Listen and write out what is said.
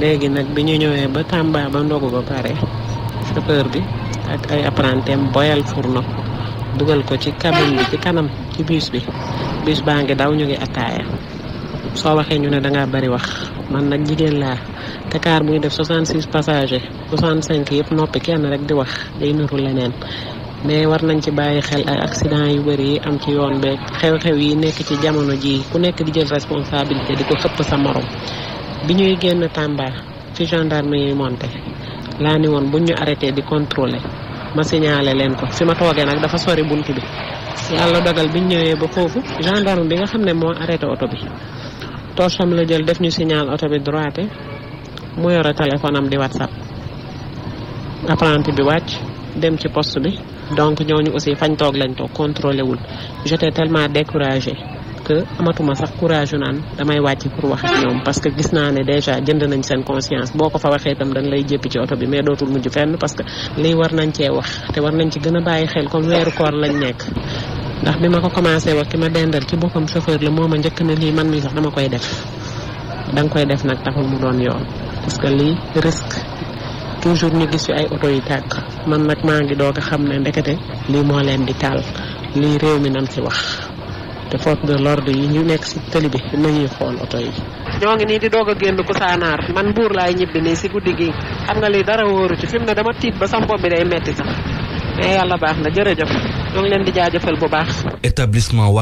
léegi nag bi ñu ñëwee ba Tamba ba ndogu ba pare chauffeur bi ak ay apprentiem boyal fourno dugal ko ci cabine bi ci kanam ci bus bi bus baa ngi daw ñu ngi ataaya soo waxee ñu ne da ngaa bari wax man nag jigéen laa te kaar buy def 66 passagers cinq yëpp noppi kenn rek di wax day nuru leneen mais war nañ ci bàyyi xel ay accident yu bëri yi am ci yoon beeg xew-xew yi nekk ci jamono ji ku nekk di jël responsabilité di ko xëpp sa morom. bi ñuy génn Tamba ci gendarme yi monté laa ni woon buñ ñu arrêté di contrôler ma signalé leen ko fi ma toogee nag dafa sori bunt bi yàlla dogal biñ ñëwee ba foofu gendarme bi nga xam ne moo arrêté oto bi torcham la jël def ñu signal oto bi droite mu yore téléphone am di whatsapp apprenti bi wàcc dem ci post bi donc ñooñu aussi fañ toog lañ toog contrôlé wul j'étais tellement découragé que amatuma sax courage naan damay wàcc pour wax ak ñoom parce que gis naa ne déjà jënd nañ seen conscience boo ko fa waxee itam dañ lay jéppi ci oto bi mais dootul mujj fenn parce que lii war nañ cee wax te war nañ ci gën a bàyyi xel comme weeru koor lañ nekk. ndax bi ma ko commencé wax ki ma dendal ci boppam chauffeur la moo a njëkk ne lii man mi sax dama koy def da nga koy def nag taxul mu doon yoon parce que lii risque toujours ñu gis fi ay oto yi tàkk man nag maa ngi doog a xam ne ndekete lii moo leen di taal lii réew mi wax. te force de l'ordre yi ñu nekk si tali bi nañuy xool oto yi. ñoo ngi nii di doog a génn saanaar man Mbour laay ñibbi nii si guddi gi xam nga lii dara wóoru ci fi mu ne dama tiit ba sama bopp bi day metti sax mais eh, yàlla baax na jërëjëf ñoo ngi leen di jaajëfal bu baax. établissement